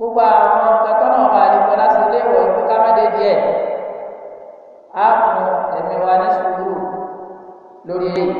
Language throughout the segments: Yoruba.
gbogbo àwọn nǹkan tọ́nà ọba àdìgbò láti ilé ìwọ̀ ìlú kámẹ́dé díẹ̀ á fún ẹ̀mí wa ní sùúrù lórí èyí.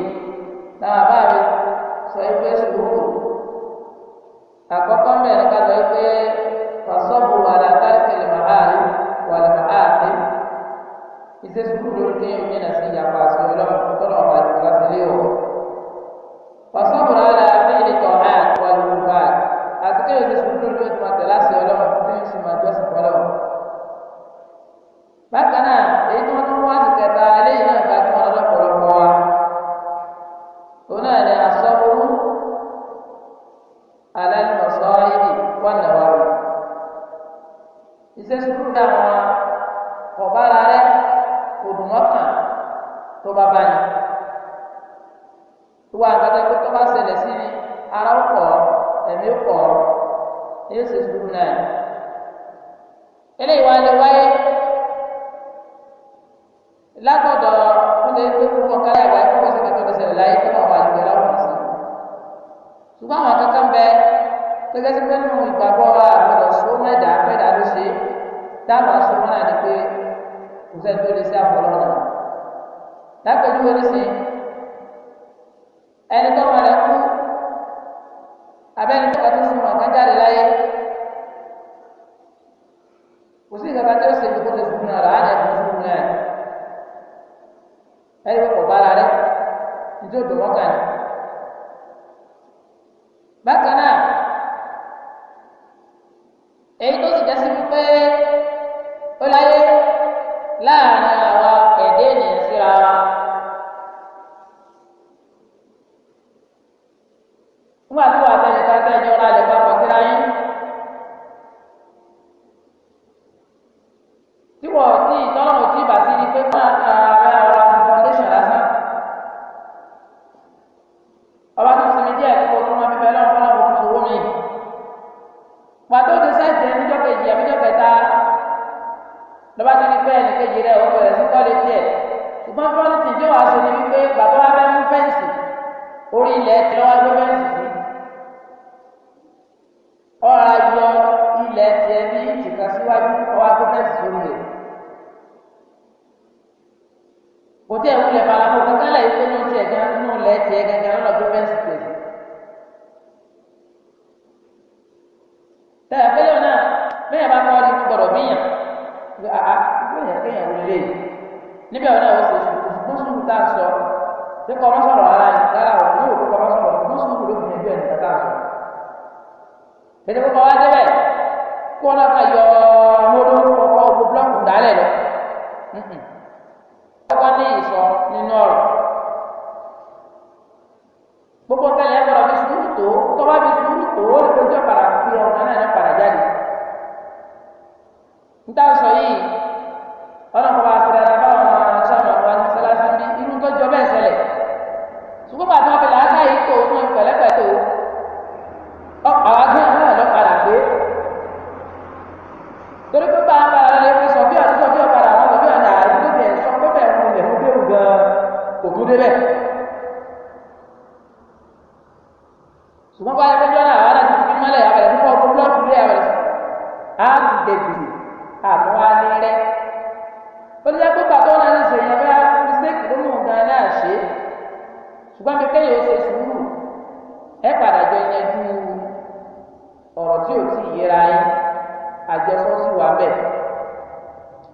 àjọsọ sì wà bẹ́ẹ̀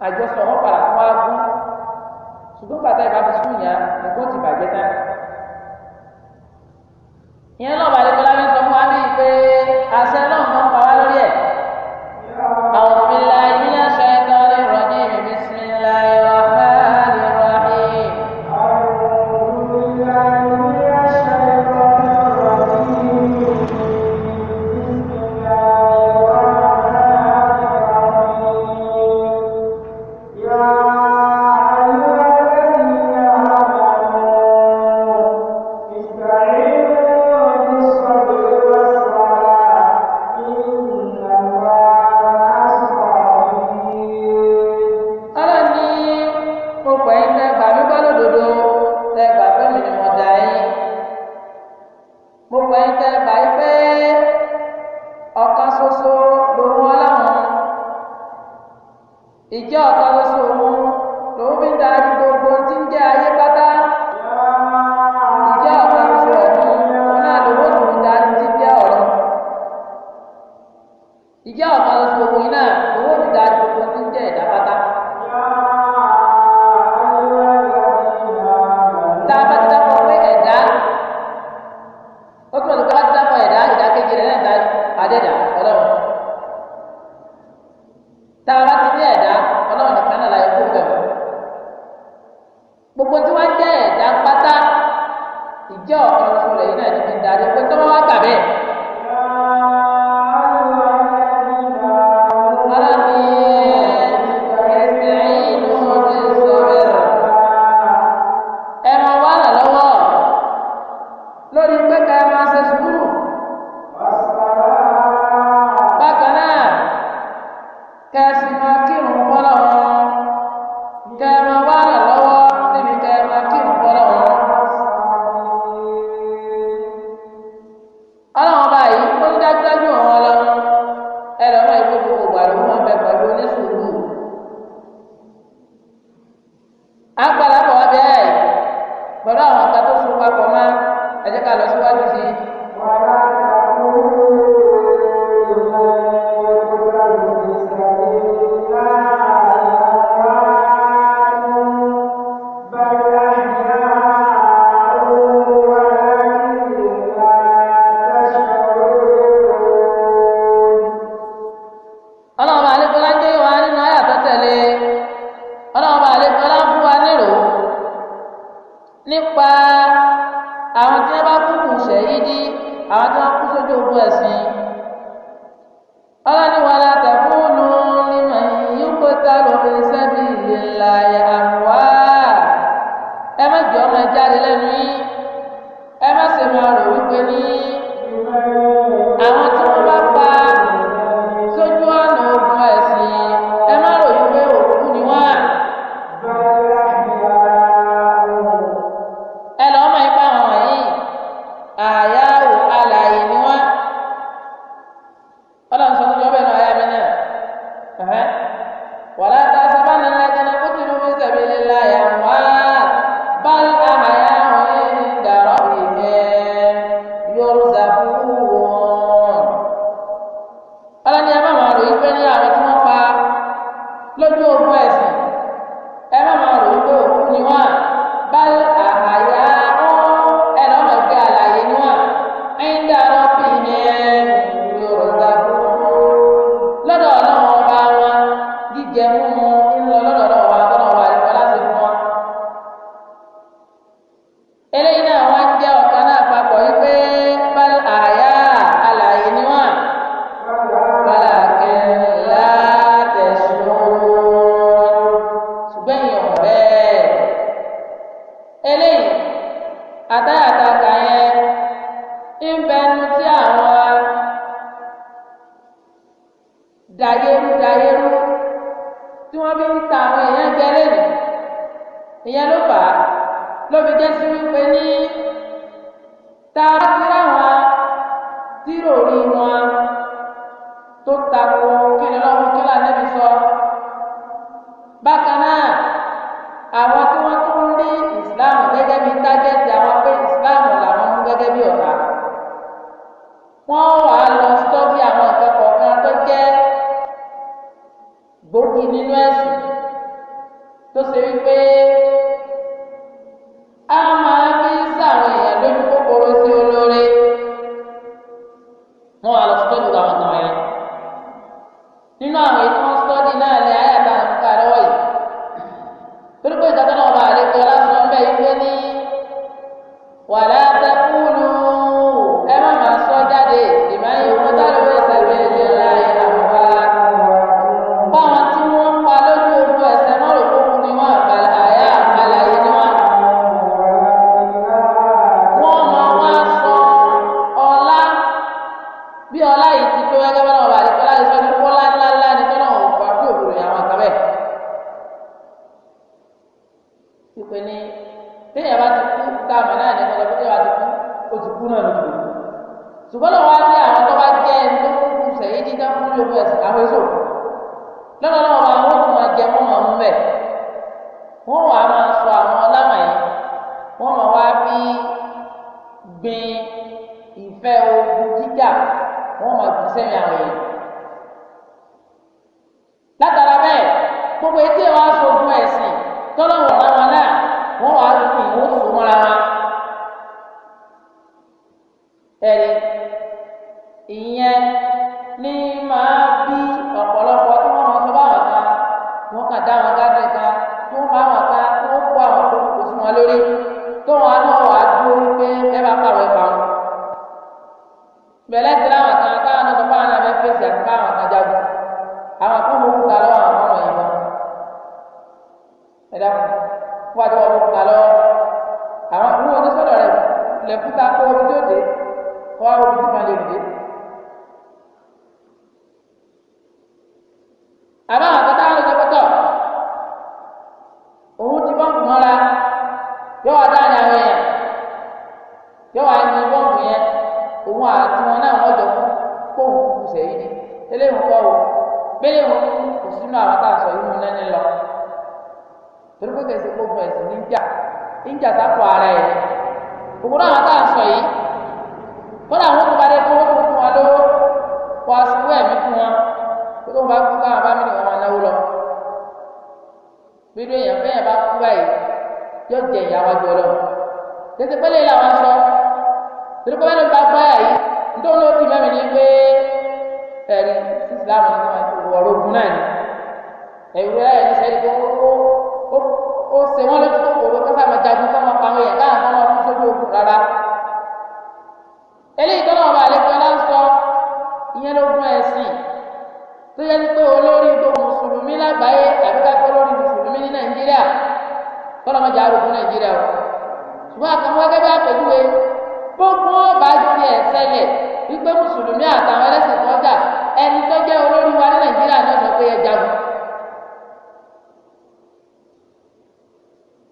àjọsọ wọn padà fún wa gún ṣùgbọ́n bàtà ìbá fi sún yàn nǹkan ti bàjẹ́ tán ìyẹn náà wà lójú ẹsẹ̀ àwọn èso lọ́nà náà kọ́lọ́ mọ́jà arógún nàìjíríà o ṣùgbọ́n àtàwọn gẹ́gẹ́ bá pẹ̀lúwe gbogbo ọba ti ẹ̀ sẹlẹ̀ wípé mùsùlùmí àtàwọn ẹlẹ́sìn kan jà ẹni tó jẹ́ olórí wa ní nàìjíríà náà sọ pé ẹ jagun.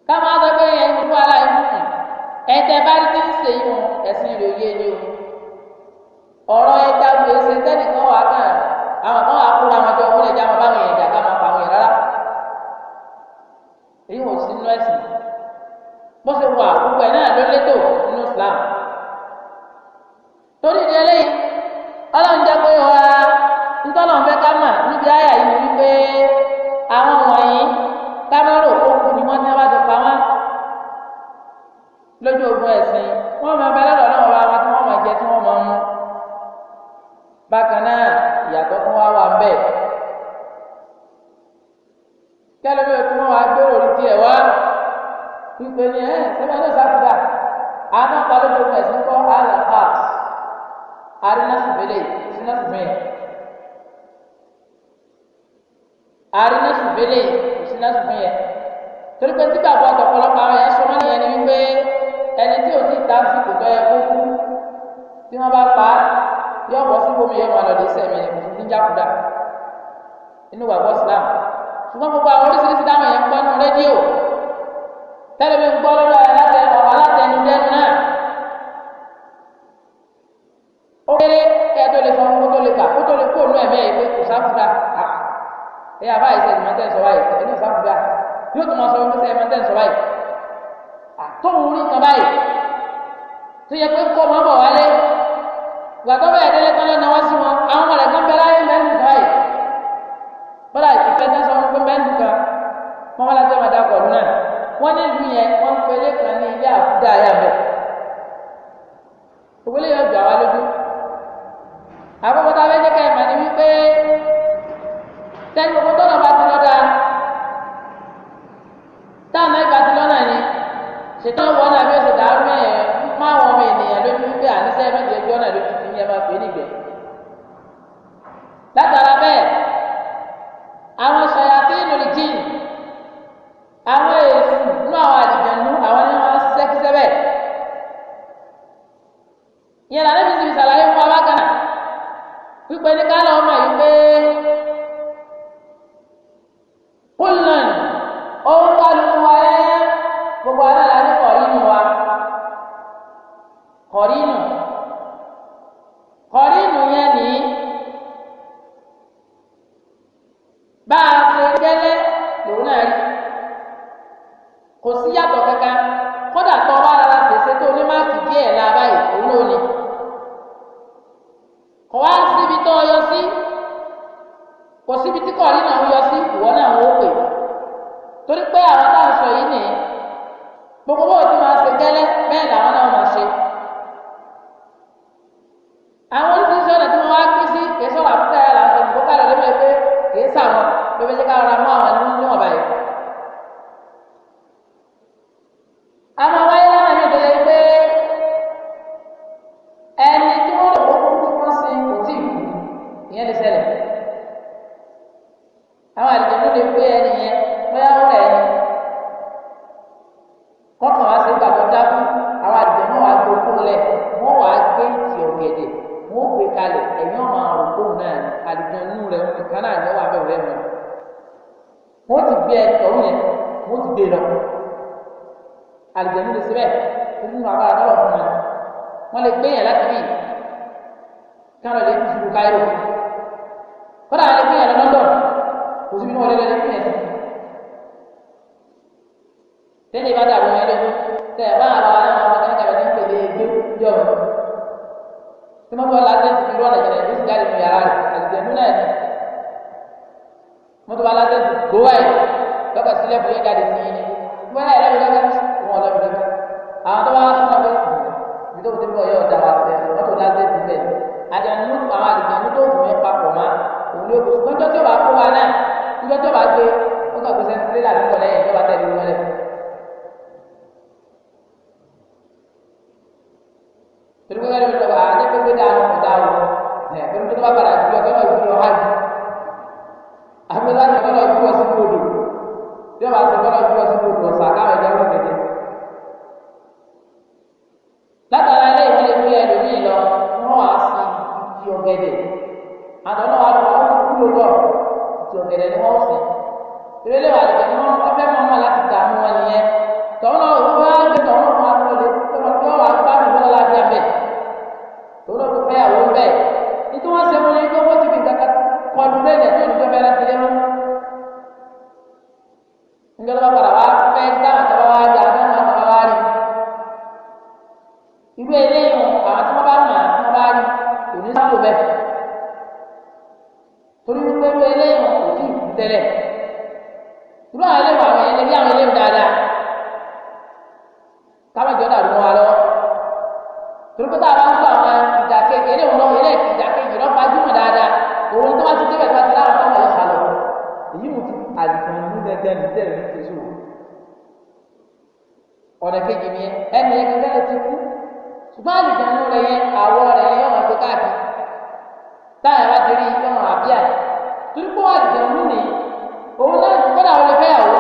káwọn á sọ pé ẹ ń wá láì mú un ẹ̀tẹ̀ bá rí tí ń ṣe yìí wọn ẹ̀sìn ìlú yé ni o ọ̀rọ̀ ẹja gbèsè tẹ́nìkan wà kàn àwọn kan bọ́sẹ̀ wà gbogbo ẹ̀ náà ló létò nínú Islam. ẹ̀yìn ọ̀mà àrùn kóun náà àdìgbọ̀n inú rẹ̀ ń kàn náà ní ọwọ́ abẹ́ òrẹ́ mi. wọ́n ti gbé ẹ̀tọ́rún yẹn wọ́n ti gbé e lọ. àdìgbọ̀n inú lè ṣe bẹ́ẹ̀ tó nínú abá àdọ́rọ̀ fún mi. wọ́n lè gbé yẹn láti bí kárọ̀ lè fi ṣubú káírò. kọ́dà lè gbé yẹn lọ lọ́dọ̀ kò síbi náà lè lè gbé yẹn sí. tẹ́lẹ̀ bá dàbọ̀ yẹn lọ bá àwọn ọmọ tí wọ́n bọ̀ láti bá látẹ̀tù gbówà ẹ̀ lọ́kà sílẹ̀ fún yín jáde sí yín ni wọ́n náà ẹ̀rọ ìdọ́gba wọn ọ̀dọ́ ìdọ́gba àwọn tó bá wá sọ́nà pé ibi tó ti bọ̀ yọ ọ̀dà wà fẹ́ wọ́n tó látẹ̀tù bẹ́ẹ̀ àjànú àwọn àjànú tó wù yẹn papọ̀ mọ́ òun ló gbọ́dọ̀ tó bá kó wa náà níjọ́ tó bá gbé ó kà gbèsè ní ọ̀rẹ́ kejì ni ẹnì yẹn kẹkẹ ti kú ṣùgbọ́n àlùjánu rẹ yẹn àwọ̀ rẹ yẹn yọ̀wọ̀n gbé káàkiri táyà bá ti rí yọ̀wọ̀n àbíà torí pé àlùjánu ni òun náà kọ́dà ó lè fẹ́yàwó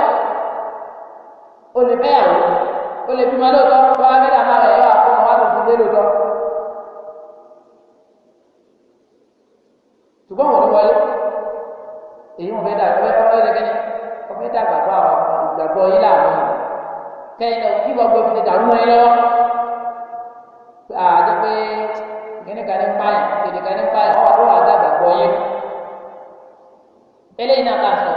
ó lè fẹ́yàwó ó lè bímọ lóòótọ́ bá wá bẹ́ẹ̀ dàmá rẹ̀ yọ àpò wọn wá tó ti lé lóòótọ́ ṣùgbọ́n wọn ò ní wọlé èyí wọn fẹ́ dàgbà wọn fẹ́ dàgbà tó àwọn ìgbàgbọ́ yìí láàrin kẹ́yìn náà kí gbogbo ìfìdí dàrú wọn lọ́wọ́ àti pé gẹ́gẹ́ kan ní pààyàn tètè kan ní pààyàn wọ́n wà dàgbà gbọ́ yẹn eléyìí náà kà sọ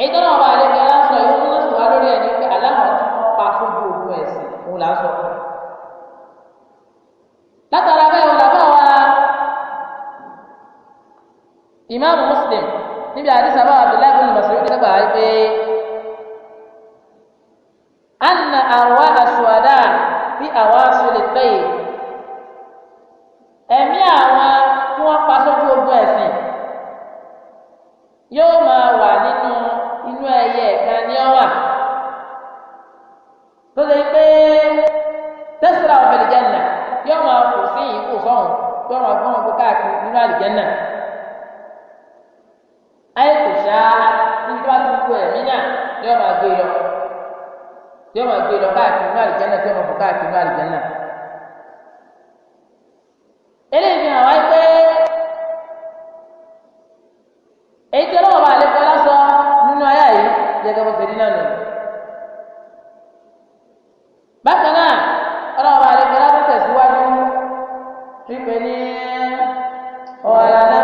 èyí tó náà wà lẹ́gbẹ̀ẹ́ aláṣọ ìwé tó náà sì wá lórí ẹ̀ ní pé aláwọ̀ tí wọ́n pa sójú ogun ẹ̀sìn òun là ń sọ látara bẹ́ẹ̀ wọn làbẹ́ wa ìmáàmù Muslim níbi àdìsábà Abdullahi bin Mas'ud nígbà wáyé uh, Ora,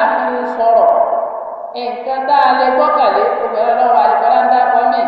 a ti sọ̀rọ̀ nǹkan tá a lè gbọ́kànlé obìnrin ọlọ́run àti kọ́lá ń dá pọ́nmì.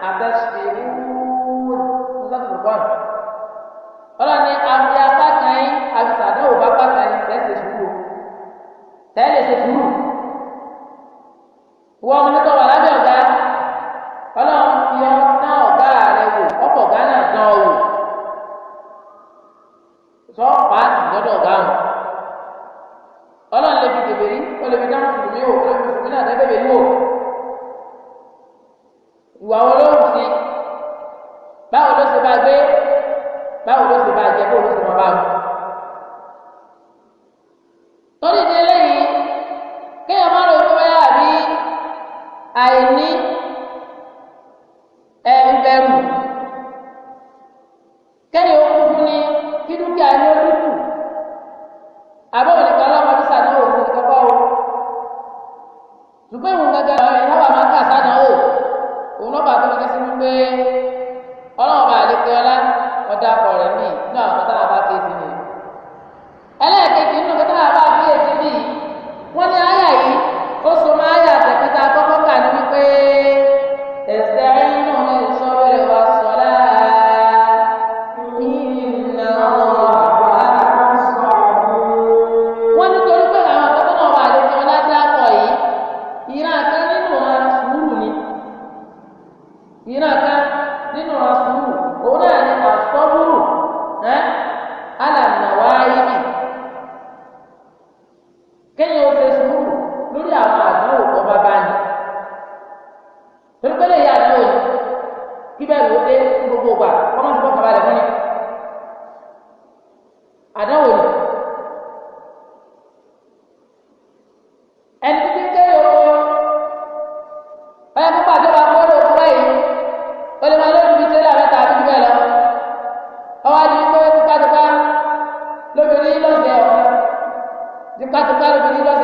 atas diri lóbìnrin lọ́sẹ̀ ọ̀ nípa tó bá lóbìnrin lọ́sẹ̀.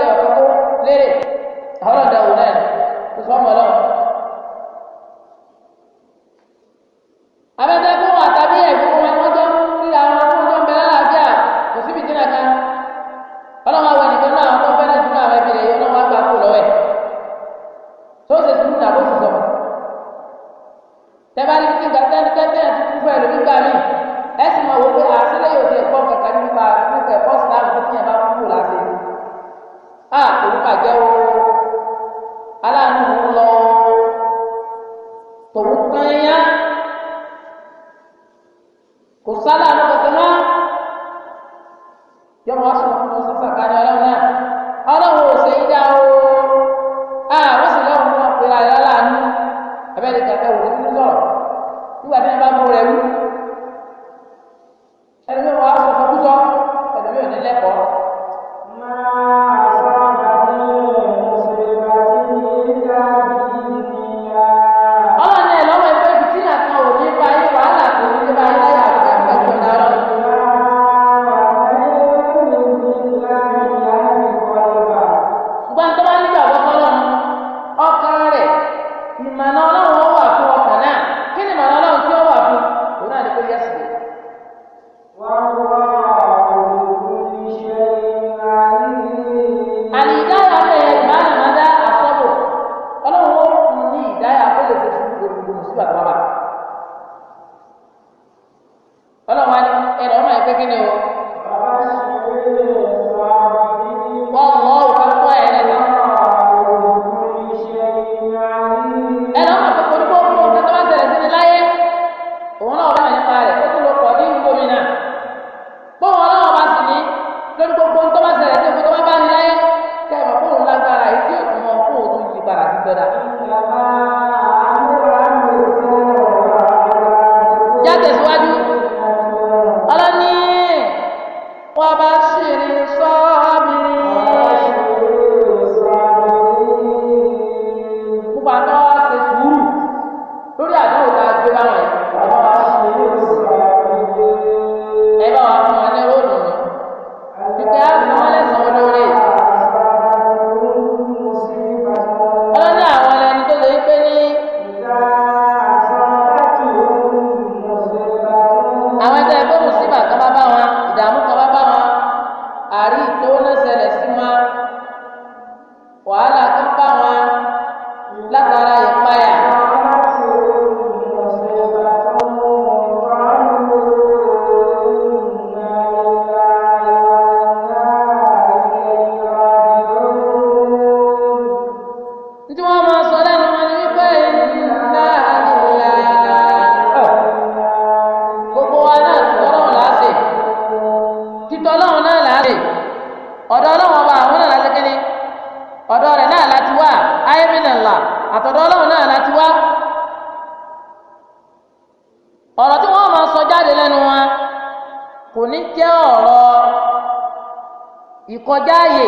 kọjá àyè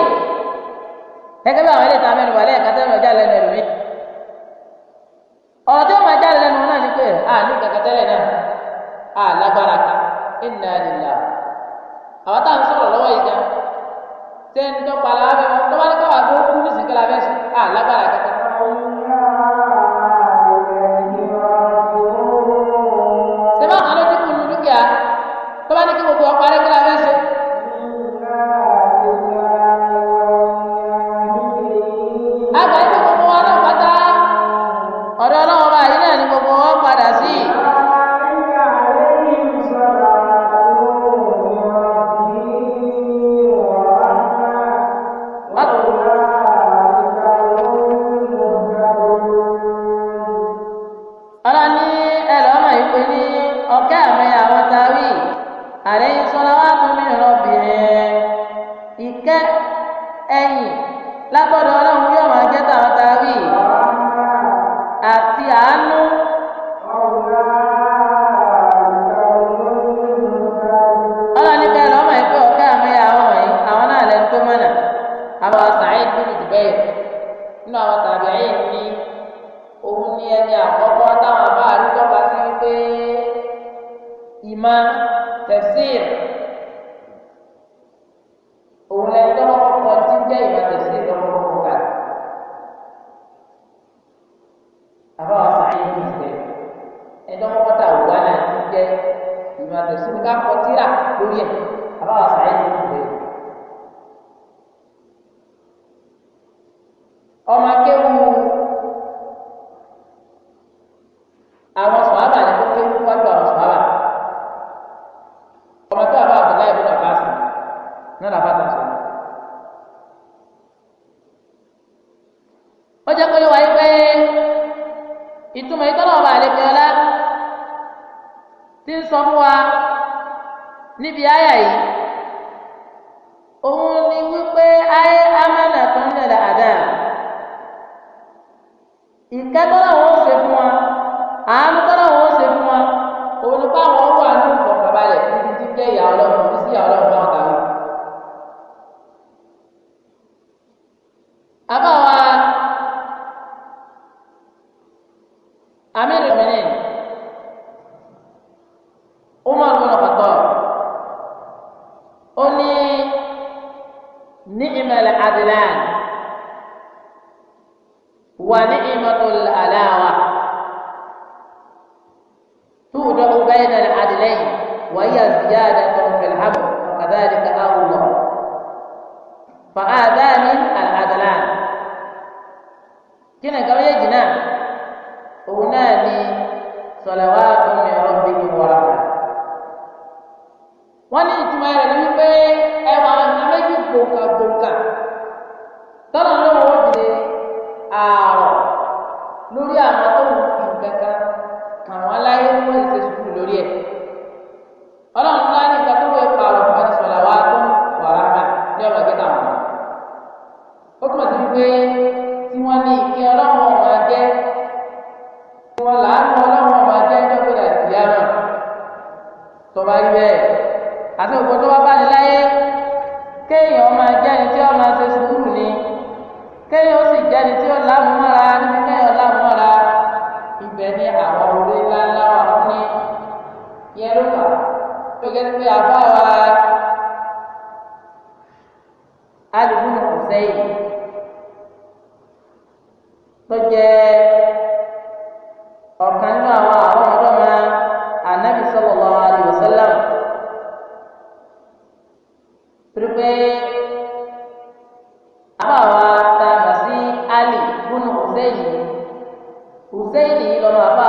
amo ah, hussein yìí lọ́mọ àbá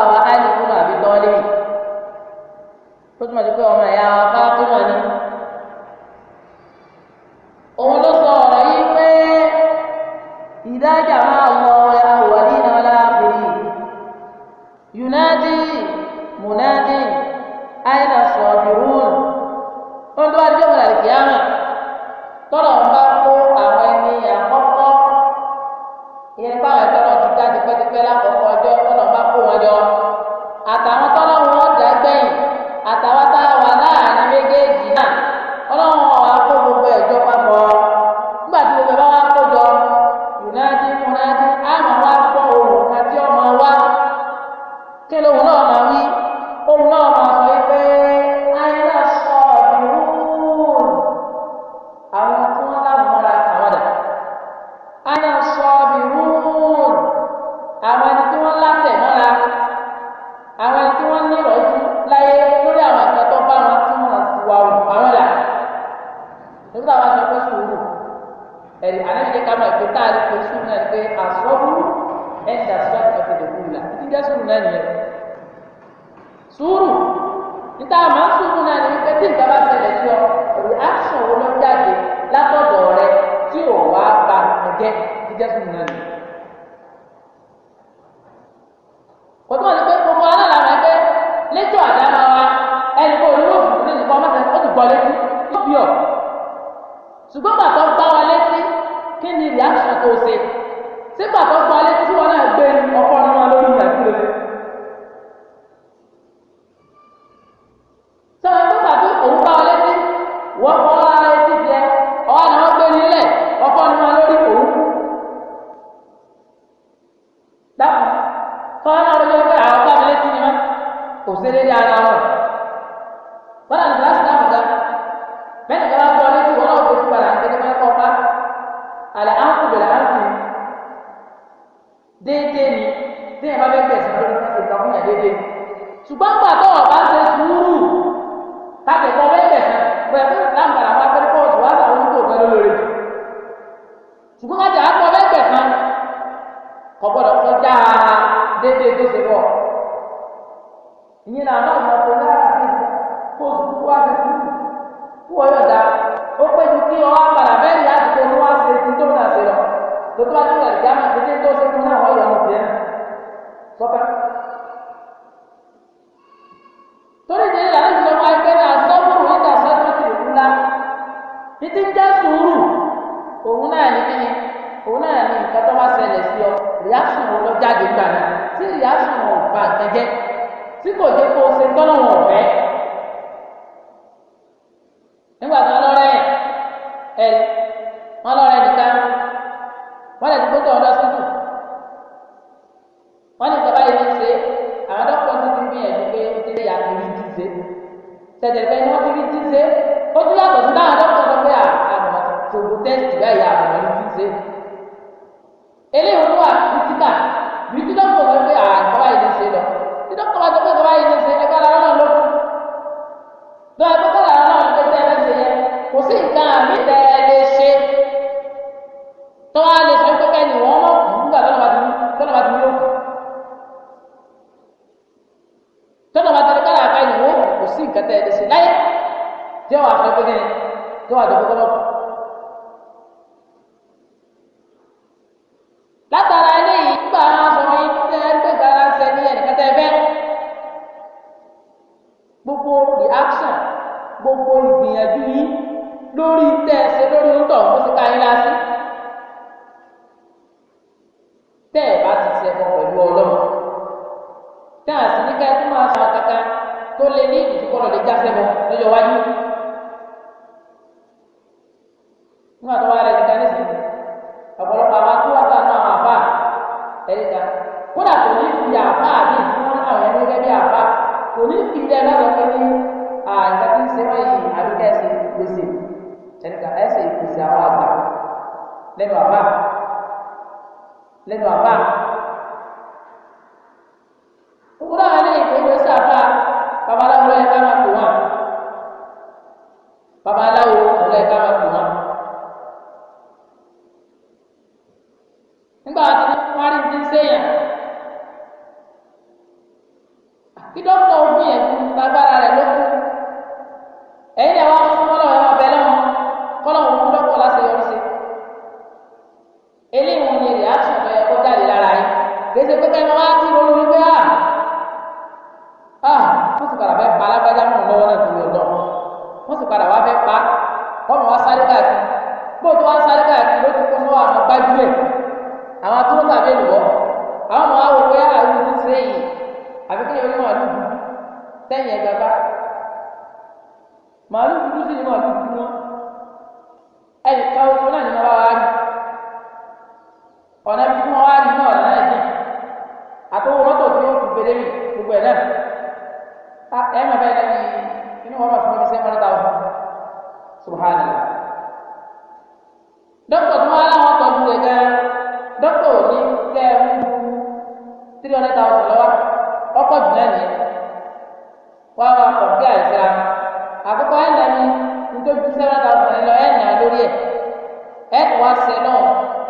tọ́lá wọn jẹ́ pé àwọn bá mi létí ni wọ́n kò sí dédé ara wọn. gbogbo ìgbìyànjú yìí lórí three hundred thousand lọ́wọ́ ọkọ̀ jù náà nìyẹn wá wá kọ̀ bí àìsíra àkọ́kọ́ ẹ̀ lẹ́nu nítorí seven thousand ẹ̀ lọ ẹ̀ nà lórí ẹ̀ ẹ̀ kò wá sí ẹ náà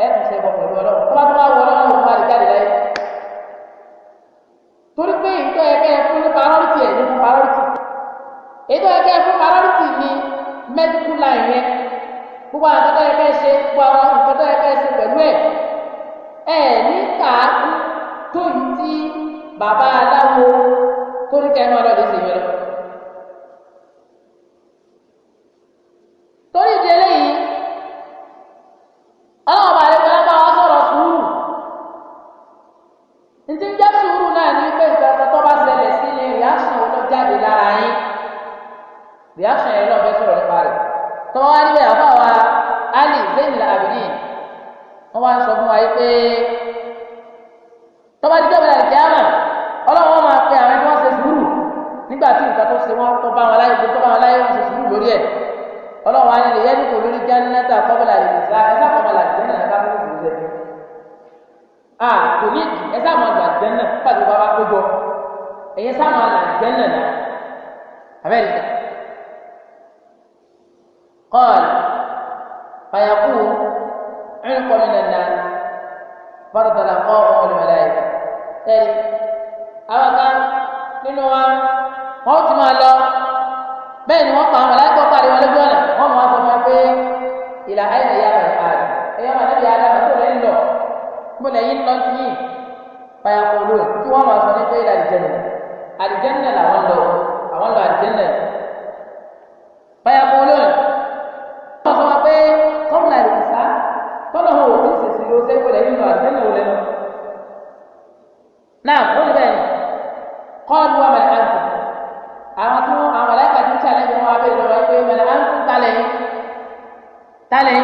ẹ̀ kò sí ẹ bọ̀ pẹ̀lú ọlọ́run tó bá tó bá wọ ọlọ́run kó má lè jáde láyé torí pé ìtọ́ ẹ̀kẹ́ fún ní parọ́lítì ẹ̀ ní fún parọ́lítì ìtọ́ ẹ̀kẹ́ fún parọ́lítì ní mẹ́díkù láì yẹn gbogbo àwọn ìtọ́tọ́ ẹ̀kẹ́ ṣe gbogbo àwọn ìtọ́tọ́ ẹ̀kẹ́ ṣe pẹ̀lú ẹ̀ ẹ̀ ní kàá bàbá aláwo kórìkà ẹ̀ máa lọ́ọ́ lè náà ó lè bẹ́ẹ̀ kọ́ọ̀lù wa mẹ́lẹ̀ àǹkù àwọn tó àwọn aláìka tó ń tẹ̀lé wọn abẹ́rẹ́ lọ́wọ́ pé mẹ́lẹ̀ àǹkù talẹ̀ talẹ̀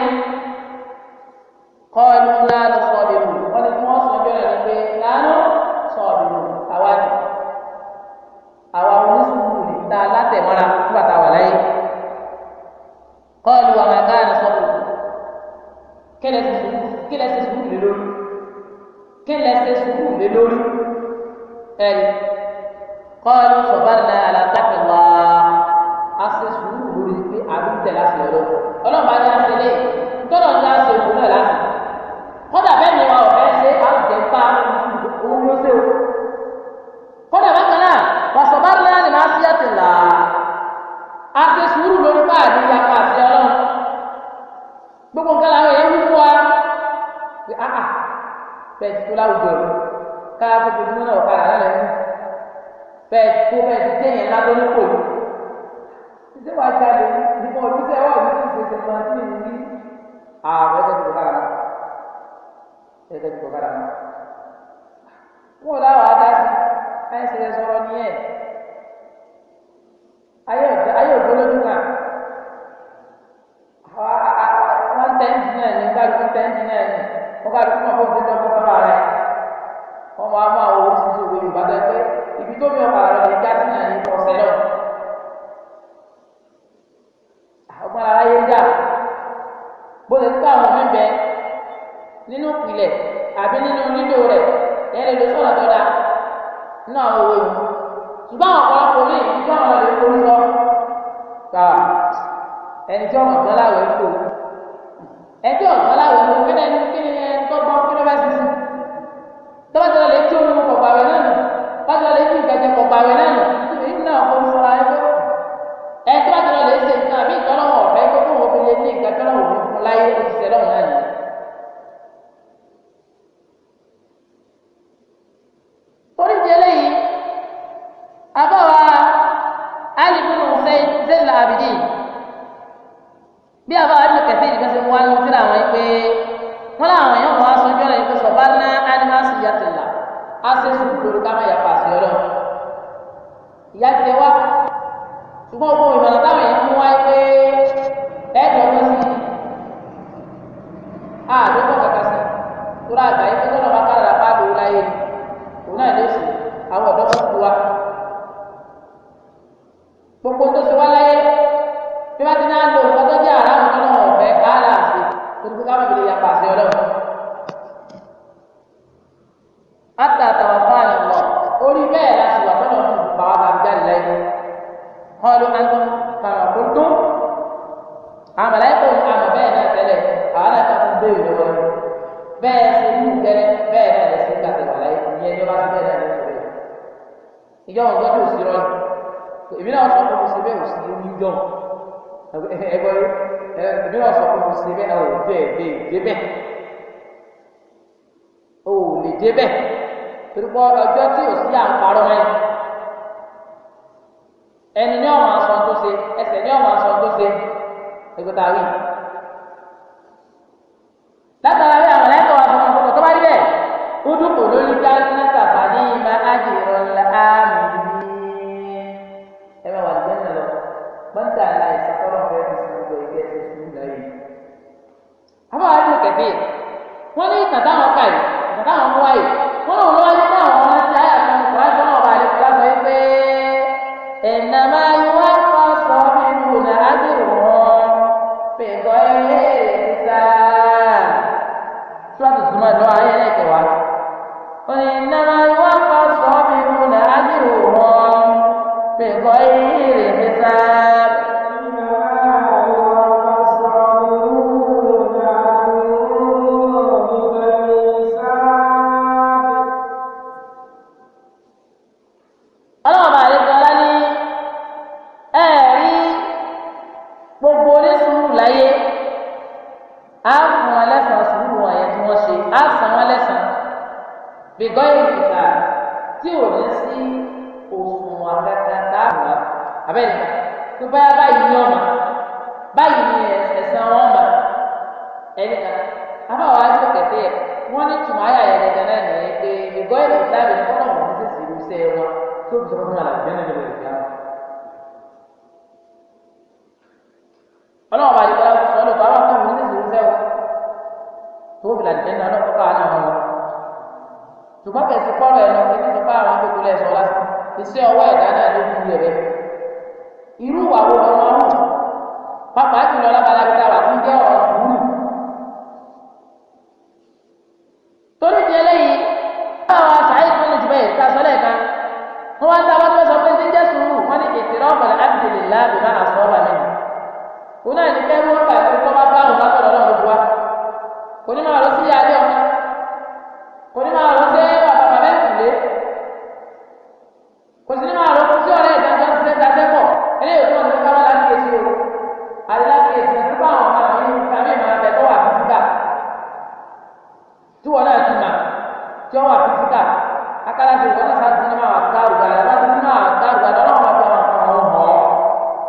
akala ti wọn sá ti ní ma wà ká àrùgbà yàrá ti ní ma wà ká àrùgbà yàrá wọn ma fi àwọn kan wọn họ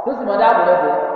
tó sì mọ dáàbò lẹbùn.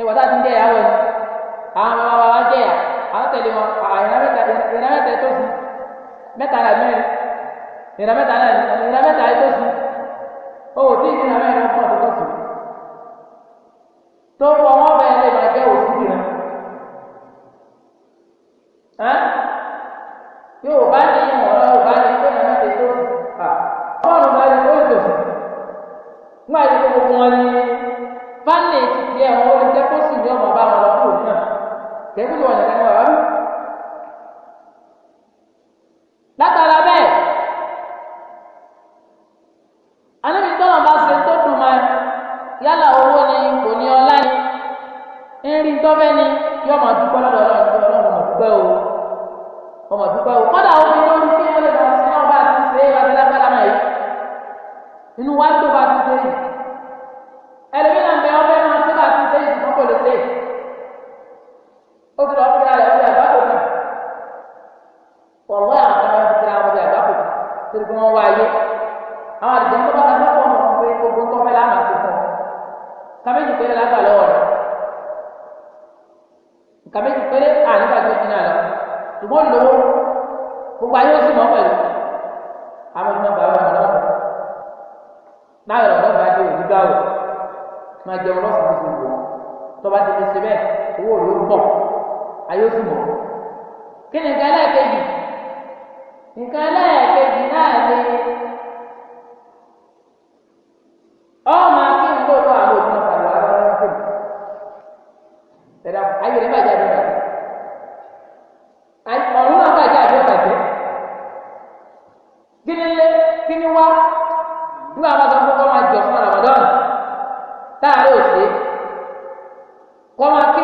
ẹwà tá a ti ń jẹ ìyàwó ẹ àwọn ọmọ wa wá jẹ ìyà àwọn tẹ̀lé wọn ìran mẹ́ta ìran mẹ́ta tó sí mẹ́ta rẹ mẹ́rin ìran mẹ́ta rẹ ìran mẹ́ta tó sí o ò tí ì ní ìran mẹ́rin ọgbọ́n tó tó tó wọ́n. tá a como